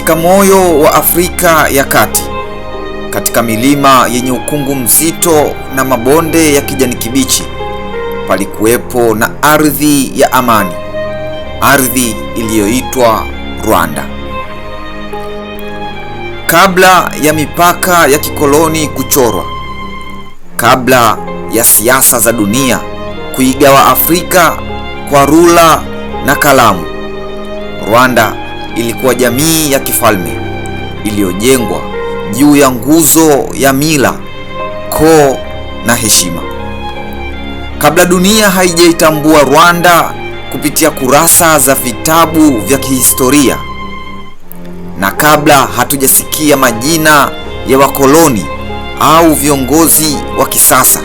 katika moyo wa Afrika ya Kati, katika milima yenye ukungu mzito na mabonde ya kijani kibichi, palikuwepo na ardhi ya amani, ardhi iliyoitwa Rwanda. Kabla ya mipaka ya kikoloni kuchorwa, kabla ya siasa za dunia kuigawa Afrika kwa rula na kalamu, Rwanda ilikuwa jamii ya kifalme iliyojengwa juu ya nguzo ya mila, koo na heshima. Kabla dunia haijaitambua Rwanda kupitia kurasa za vitabu vya kihistoria na kabla hatujasikia majina ya wakoloni au viongozi wa kisasa,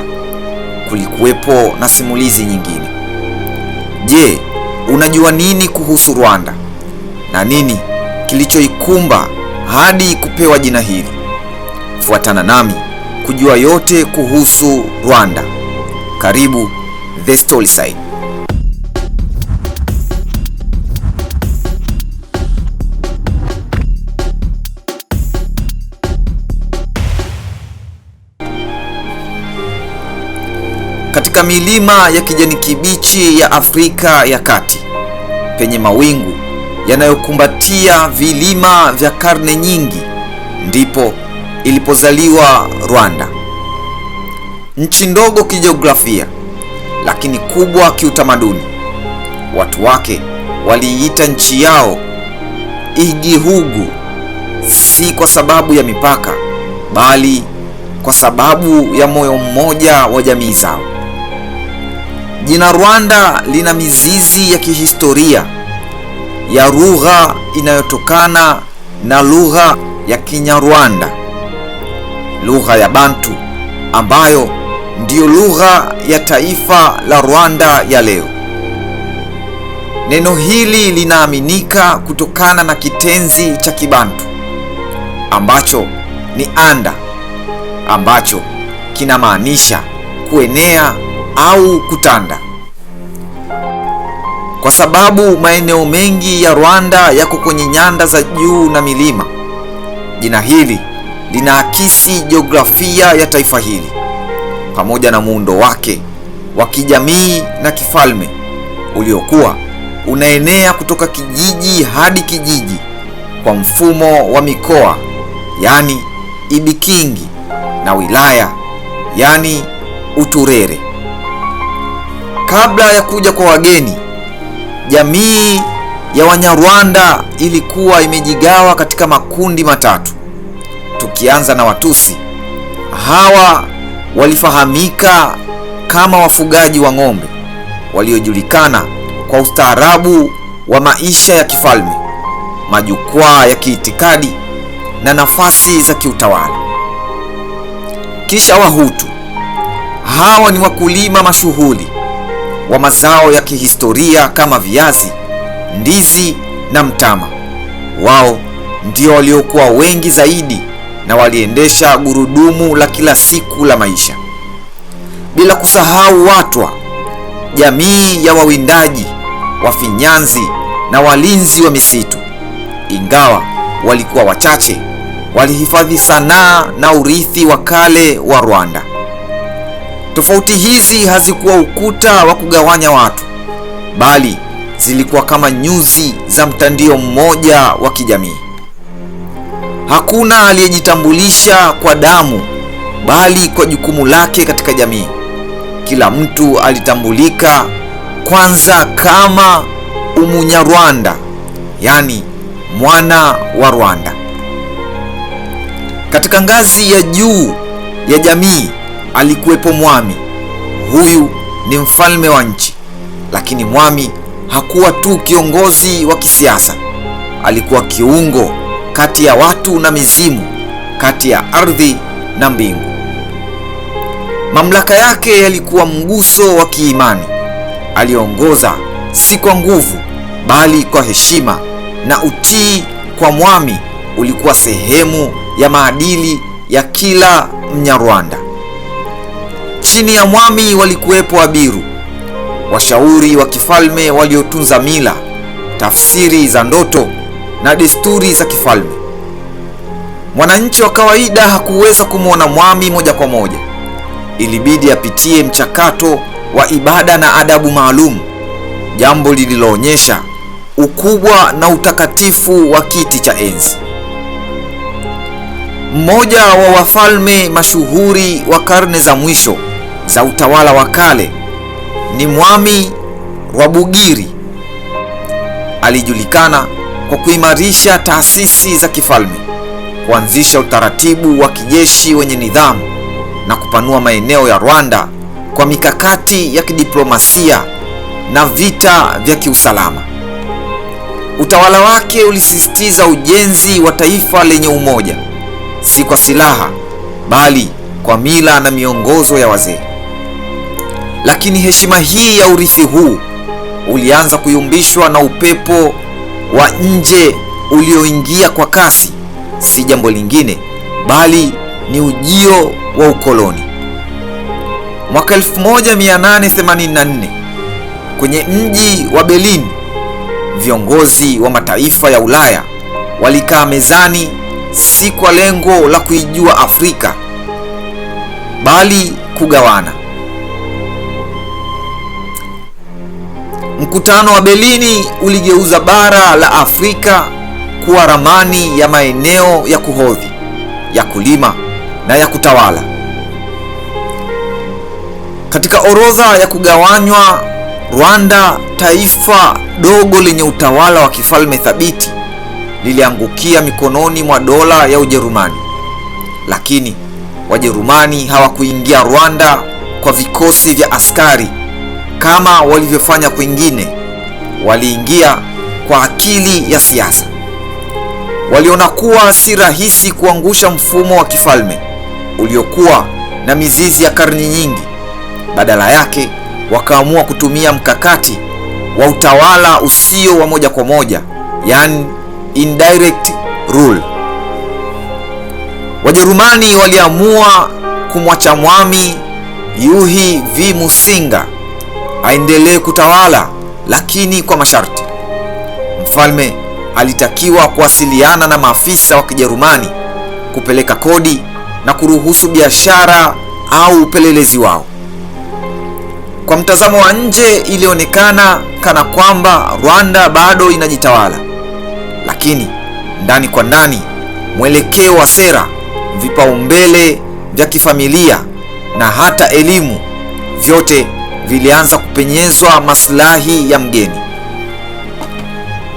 kulikuwepo na simulizi nyingine. Je, unajua nini kuhusu Rwanda? na nini kilichoikumba hadi kupewa jina hili. Fuatana nami kujua yote kuhusu Rwanda. Karibu The Side. Katika milima ya kijani kibichi ya Afrika ya Kati penye mawingu yanayokumbatia vilima vya karne nyingi, ndipo ilipozaliwa Rwanda, nchi ndogo kijiografia lakini kubwa kiutamaduni. Watu wake waliiita nchi yao Igihugu, si kwa sababu ya mipaka, bali kwa sababu ya moyo mmoja wa jamii zao. Jina Rwanda lina mizizi ya kihistoria ya lugha inayotokana na lugha ya Kinyarwanda, lugha ya Bantu ambayo ndiyo lugha ya taifa la Rwanda ya leo. Neno hili linaaminika kutokana na kitenzi cha Kibantu ambacho ni anda, ambacho kinamaanisha kuenea au kutanda kwa sababu maeneo mengi ya Rwanda yako kwenye nyanda za juu na milima. Jina hili linaakisi jiografia ya taifa hili pamoja na muundo wake wa kijamii na kifalme uliokuwa unaenea kutoka kijiji hadi kijiji kwa mfumo wa mikoa yani ibikingi na wilaya yani uturere. Kabla ya kuja kwa wageni Jamii ya Wanyarwanda ilikuwa imejigawa katika makundi matatu. Tukianza na Watusi, hawa walifahamika kama wafugaji wa ng'ombe waliojulikana kwa ustaarabu wa maisha ya kifalme, majukwaa ya kiitikadi na nafasi za kiutawala. Kisha Wahutu, hawa ni wakulima mashuhuri wa mazao ya kihistoria kama viazi, ndizi na mtama. Wao ndio waliokuwa wengi zaidi na waliendesha gurudumu la kila siku la maisha, bila kusahau watwa, jamii ya wawindaji, wafinyanzi na walinzi wa misitu. Ingawa walikuwa wachache, walihifadhi sanaa na urithi wa kale wa Rwanda. Tofauti hizi hazikuwa ukuta wa kugawanya watu, bali zilikuwa kama nyuzi za mtandio mmoja wa kijamii. Hakuna aliyejitambulisha kwa damu, bali kwa jukumu lake katika jamii. Kila mtu alitambulika kwanza kama Umunyarwanda, yaani mwana wa Rwanda. Katika ngazi ya juu ya jamii alikuwepo mwami. Huyu ni mfalme wa nchi, lakini mwami hakuwa tu kiongozi wa kisiasa, alikuwa kiungo kati ya watu na mizimu, kati ya ardhi na mbingu. Mamlaka yake yalikuwa mguso wa kiimani. Aliongoza si kwa nguvu, bali kwa heshima, na utii kwa mwami ulikuwa sehemu ya maadili ya kila Mnyarwanda. Chini ya Mwami walikuwepo abiru, washauri wa kifalme waliotunza mila, tafsiri za ndoto na desturi za kifalme. Mwananchi wa kawaida hakuweza kumwona Mwami moja kwa moja, ilibidi apitie mchakato wa ibada na adabu maalum, jambo lililoonyesha ukubwa na utakatifu wa kiti cha enzi. Mmoja wa wafalme mashuhuri wa karne za mwisho za utawala wa kale ni Mwami Rwabugiri. Alijulikana kwa kuimarisha taasisi za kifalme, kuanzisha utaratibu wa kijeshi wenye nidhamu na kupanua maeneo ya Rwanda kwa mikakati ya kidiplomasia na vita vya kiusalama. Utawala wake ulisisitiza ujenzi wa taifa lenye umoja, si kwa silaha bali kwa mila na miongozo ya wazee. Lakini heshima hii ya urithi huu ulianza kuyumbishwa na upepo wa nje ulioingia kwa kasi, si jambo lingine bali ni ujio wa ukoloni. Mwaka 1884 kwenye mji wa Berlin, viongozi wa mataifa ya Ulaya walikaa mezani, si kwa lengo la kuijua Afrika bali kugawana. Mkutano wa berlini uligeuza bara la Afrika kuwa ramani ya maeneo ya kuhodhi, ya kulima na ya kutawala. Katika orodha ya kugawanywa, Rwanda, taifa dogo lenye utawala wa kifalme thabiti, liliangukia mikononi mwa dola ya Ujerumani. Lakini Wajerumani hawakuingia Rwanda kwa vikosi vya askari kama walivyofanya kwingine. Waliingia kwa akili ya siasa, waliona kuwa si rahisi kuangusha mfumo wa kifalme uliokuwa na mizizi ya karni nyingi. Badala yake, wakaamua kutumia mkakati wa utawala usio wa moja kwa moja, yani indirect rule. Wajerumani waliamua kumwacha Mwami Yuhi V. Musinga aendelee kutawala, lakini kwa masharti. Mfalme alitakiwa kuwasiliana na maafisa wa Kijerumani kupeleka kodi na kuruhusu biashara au upelelezi wao. Kwa mtazamo wa nje, ilionekana kana kwamba Rwanda bado inajitawala, lakini ndani kwa ndani, mwelekeo wa sera, vipaumbele vya kifamilia na hata elimu, vyote vilianza kupenyezwa maslahi ya mgeni.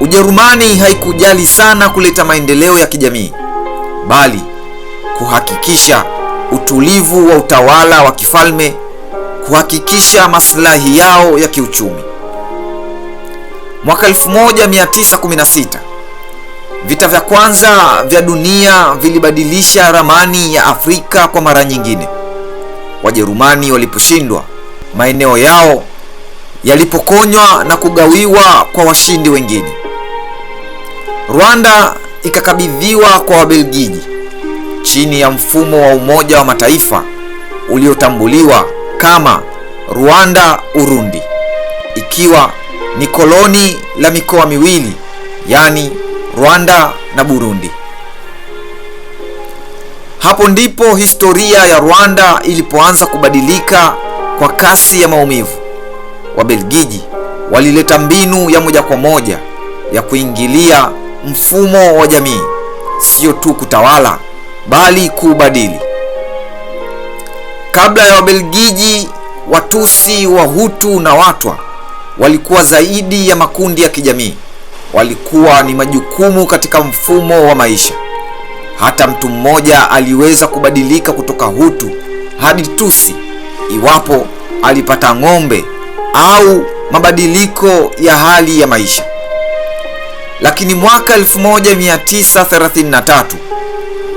Ujerumani haikujali sana kuleta maendeleo ya kijamii, bali kuhakikisha utulivu wa utawala wa kifalme, kuhakikisha maslahi yao ya kiuchumi. Mwaka 1916 vita vya kwanza vya dunia vilibadilisha ramani ya Afrika kwa mara nyingine. Wajerumani waliposhindwa maeneo yao yalipokonywa na kugawiwa kwa washindi wengine. Rwanda ikakabidhiwa kwa Wabelgiji chini ya mfumo wa Umoja wa Mataifa uliotambuliwa kama Rwanda Urundi, ikiwa ni koloni la mikoa miwili, yaani Rwanda na Burundi. Hapo ndipo historia ya Rwanda ilipoanza kubadilika kwa kasi ya maumivu, Wabelgiji walileta mbinu ya moja kwa moja ya kuingilia mfumo wa jamii, sio tu kutawala bali kuubadili. Kabla ya Wabelgiji, Watusi, Wahutu na Watwa walikuwa zaidi ya makundi ya kijamii, walikuwa ni majukumu katika mfumo wa maisha. Hata mtu mmoja aliweza kubadilika kutoka Hutu hadi Tusi iwapo alipata ng'ombe au mabadiliko ya hali ya maisha. Lakini mwaka 1933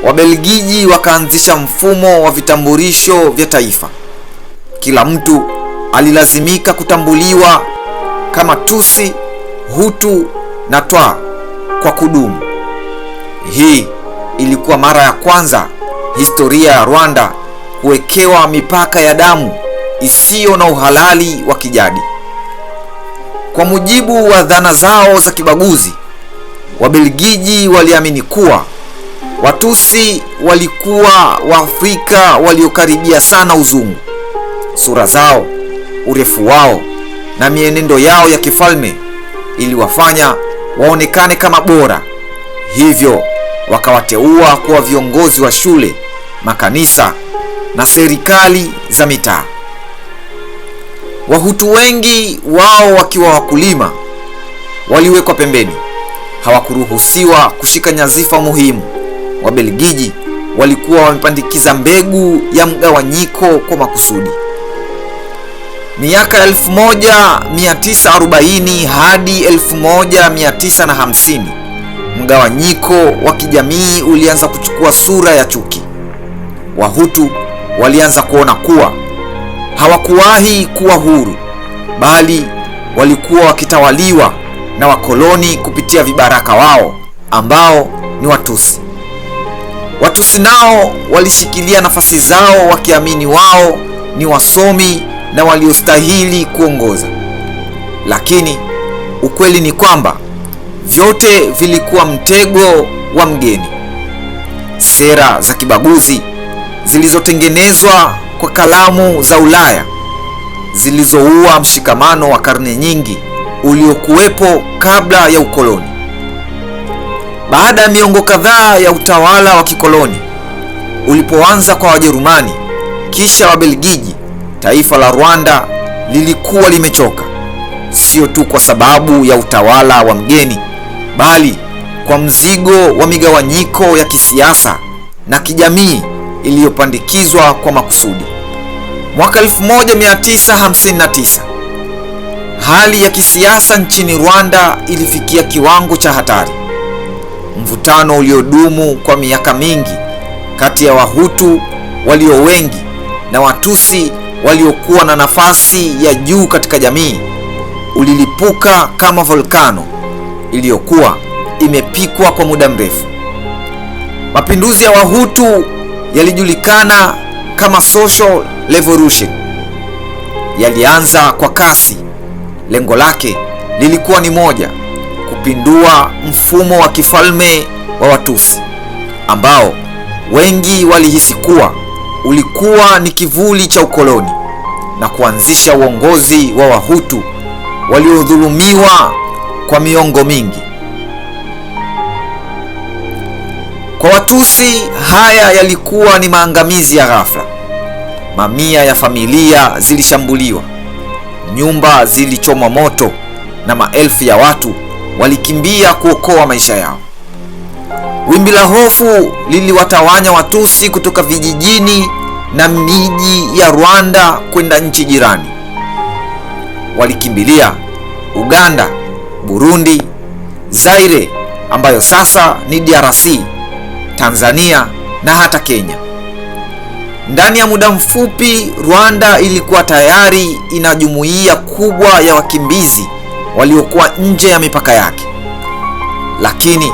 Wabelgiji wakaanzisha mfumo wa vitambulisho vya taifa. Kila mtu alilazimika kutambuliwa kama Tusi, Hutu na Twa kwa kudumu. Hii ilikuwa mara ya kwanza historia ya Rwanda kuwekewa mipaka ya damu isiyo na uhalali wa kijadi. Kwa mujibu wa dhana zao za kibaguzi, Wabelgiji waliamini kuwa Watusi walikuwa Waafrika waliokaribia sana uzungu. Sura zao, urefu wao na mienendo yao ya kifalme iliwafanya waonekane kama bora, hivyo wakawateua kuwa viongozi wa shule, makanisa na serikali za mitaa. Wahutu wengi wao wakiwa wakulima waliwekwa pembeni, hawakuruhusiwa kushika nyazifa muhimu. Wabelgiji walikuwa wamepandikiza mbegu ya mgawanyiko kwa makusudi. Miaka 1940 hadi 1950 mgawanyiko wa kijamii ulianza kuchukua sura ya chuki. Wahutu walianza kuona kuwa hawakuwahi kuwa huru, bali walikuwa wakitawaliwa na wakoloni kupitia vibaraka wao ambao ni Watusi. Watusi nao walishikilia nafasi zao wakiamini wao ni wasomi na waliostahili kuongoza. Lakini ukweli ni kwamba vyote vilikuwa mtego wa mgeni. Sera za kibaguzi zilizotengenezwa kwa kalamu za Ulaya zilizoua mshikamano wa karne nyingi uliokuwepo kabla ya ukoloni. Baada ya miongo kadhaa ya utawala wa kikoloni ulipoanza kwa Wajerumani kisha Wabelgiji, taifa la Rwanda lilikuwa limechoka, sio tu kwa sababu ya utawala wa mgeni, bali kwa mzigo wa migawanyiko ya kisiasa na kijamii iliyopandikizwa kwa makusudi. Mwaka 1959 hali ya kisiasa nchini Rwanda ilifikia kiwango cha hatari. Mvutano uliodumu kwa miaka mingi kati ya Wahutu walio wengi na Watusi waliokuwa na nafasi ya juu katika jamii ulilipuka kama volkano iliyokuwa imepikwa kwa muda mrefu. Mapinduzi ya Wahutu yalijulikana kama social revolution yalianza kwa kasi. Lengo lake lilikuwa ni moja, kupindua mfumo wa kifalme wa Watusi ambao wengi walihisi kuwa ulikuwa ni kivuli cha ukoloni na kuanzisha uongozi wa Wahutu waliodhulumiwa kwa miongo mingi. Kwa Watusi haya yalikuwa ni maangamizi ya ghafla. Mamia ya familia zilishambuliwa, nyumba zilichomwa moto na maelfu ya watu walikimbia kuokoa maisha yao. Wimbi la hofu liliwatawanya Watusi kutoka vijijini na miji ya Rwanda kwenda nchi jirani. Walikimbilia Uganda, Burundi, Zaire ambayo sasa ni DRC Tanzania na hata Kenya. Ndani ya muda mfupi, Rwanda ilikuwa tayari ina jumuiya kubwa ya wakimbizi waliokuwa nje ya mipaka yake, lakini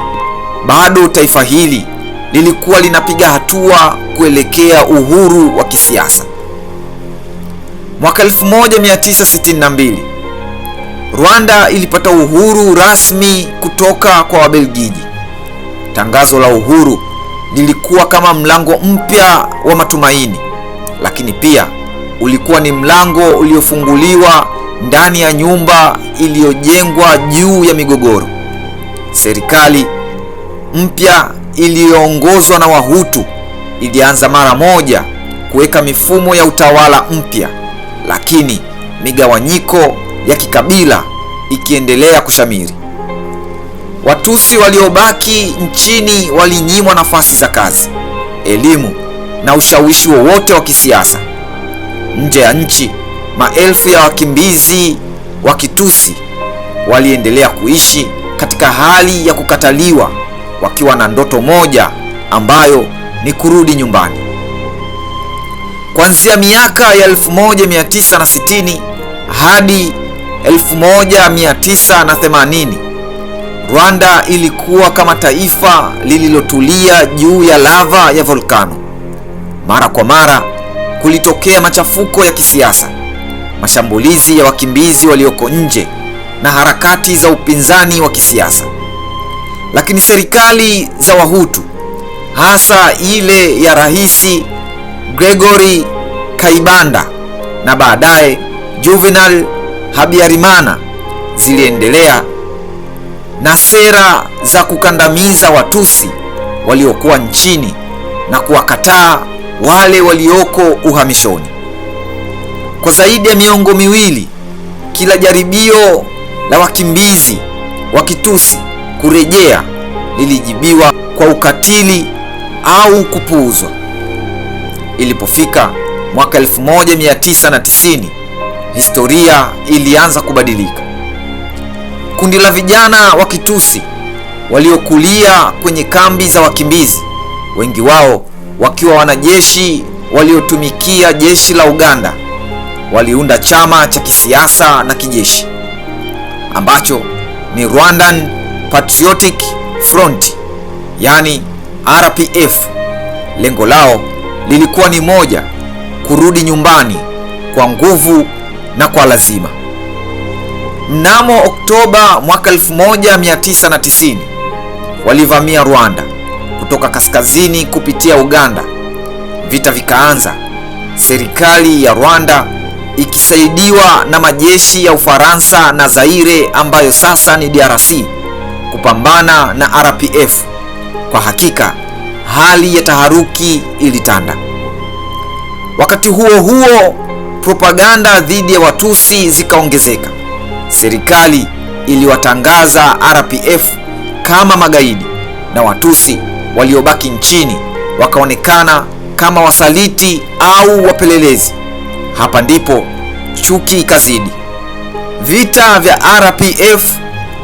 bado taifa hili lilikuwa linapiga hatua kuelekea uhuru wa kisiasa. Mwaka 1962 Rwanda ilipata uhuru rasmi kutoka kwa Wabelgiji. Tangazo la uhuru lilikuwa kama mlango mpya wa matumaini, lakini pia ulikuwa ni mlango uliofunguliwa ndani ya nyumba iliyojengwa juu ya migogoro. Serikali mpya iliyoongozwa na Wahutu ilianza mara moja kuweka mifumo ya utawala mpya, lakini migawanyiko ya kikabila ikiendelea kushamiri. Watusi waliobaki nchini walinyimwa nafasi za kazi, elimu na ushawishi wowote wa kisiasa. Nje ya nchi, maelfu ya wakimbizi wa Kitusi waliendelea kuishi katika hali ya kukataliwa, wakiwa na ndoto moja ambayo ni kurudi nyumbani. Kuanzia miaka ya 1960 hadi 1980 Rwanda ilikuwa kama taifa lililotulia juu ya lava ya volkano. Mara kwa mara kulitokea machafuko ya kisiasa, mashambulizi ya wakimbizi walioko nje na harakati za upinzani wa kisiasa. Lakini serikali za Wahutu, hasa ile ya Rais Gregory Kayibanda na baadaye Juvenal Habyarimana ziliendelea na sera za kukandamiza Watusi waliokuwa nchini na kuwakataa wale walioko uhamishoni. Kwa zaidi ya miongo miwili, kila jaribio la wakimbizi wa Kitusi kurejea lilijibiwa kwa ukatili au kupuuzwa. Ilipofika mwaka 1990 historia ilianza kubadilika kundi la vijana wa Kitusi waliokulia kwenye kambi za wakimbizi, wengi wao wakiwa wanajeshi waliotumikia jeshi la Uganda, waliunda chama cha kisiasa na kijeshi ambacho ni Rwandan Patriotic Front, yani RPF. Lengo lao lilikuwa ni moja, kurudi nyumbani kwa nguvu na kwa lazima. Mnamo Oktoba mwaka 1990 walivamia Rwanda kutoka kaskazini kupitia Uganda. Vita vikaanza, serikali ya Rwanda ikisaidiwa na majeshi ya Ufaransa na Zaire ambayo sasa ni DRC kupambana na RPF. Kwa hakika hali ya taharuki ilitanda. Wakati huo huo, propaganda dhidi ya Watusi zikaongezeka serikali iliwatangaza RPF kama magaidi na Watusi waliobaki nchini wakaonekana kama wasaliti au wapelelezi. Hapa ndipo chuki ikazidi. Vita vya RPF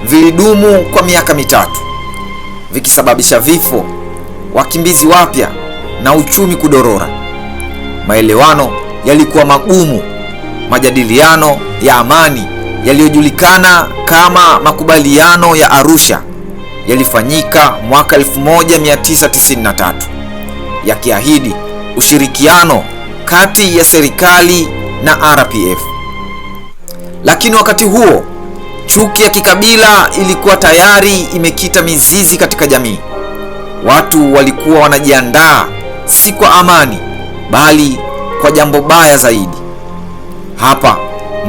vilidumu kwa miaka mitatu, vikisababisha vifo, wakimbizi wapya na uchumi kudorora. Maelewano yalikuwa magumu, majadiliano ya amani yaliyojulikana kama makubaliano ya Arusha yalifanyika mwaka 1993 yakiahidi ushirikiano kati ya serikali na RPF. Lakini wakati huo chuki ya kikabila ilikuwa tayari imekita mizizi katika jamii. Watu walikuwa wanajiandaa si kwa amani, bali kwa jambo baya zaidi. Hapa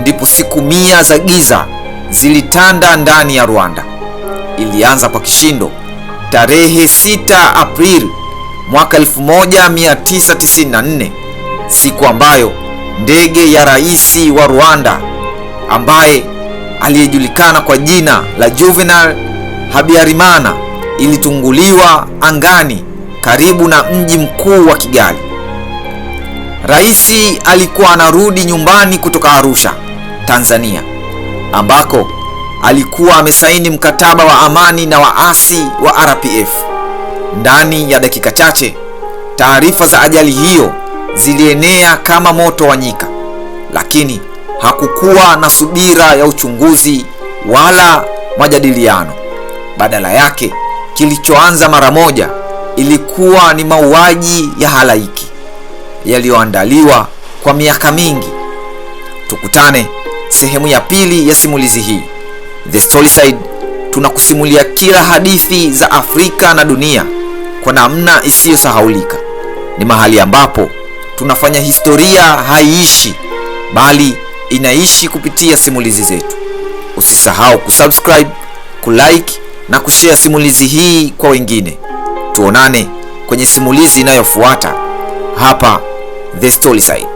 ndipo siku mia za giza zilitanda ndani ya Rwanda. Ilianza kwa kishindo tarehe 6 Aprili mwaka 1994, siku ambayo ndege ya rais wa Rwanda ambaye aliyejulikana kwa jina la Juvenal Habyarimana ilitunguliwa angani karibu na mji mkuu wa Kigali. Rais alikuwa anarudi nyumbani kutoka Arusha Tanzania, ambako alikuwa amesaini mkataba wa amani na waasi wa RPF. Ndani ya dakika chache taarifa za ajali hiyo zilienea kama moto wa nyika, lakini hakukuwa na subira ya uchunguzi wala majadiliano. Badala yake, kilichoanza mara moja ilikuwa ni mauaji ya halaiki yaliyoandaliwa kwa miaka mingi. Tukutane Sehemu ya pili ya simulizi hii The Storyside, tunakusimulia kila hadithi za Afrika na dunia kwa namna isiyosahaulika. Ni mahali ambapo tunafanya historia haiishi, bali inaishi kupitia simulizi zetu. Usisahau kusubscribe, kulike na kushare simulizi hii kwa wengine. Tuonane kwenye simulizi inayofuata hapa The Storyside.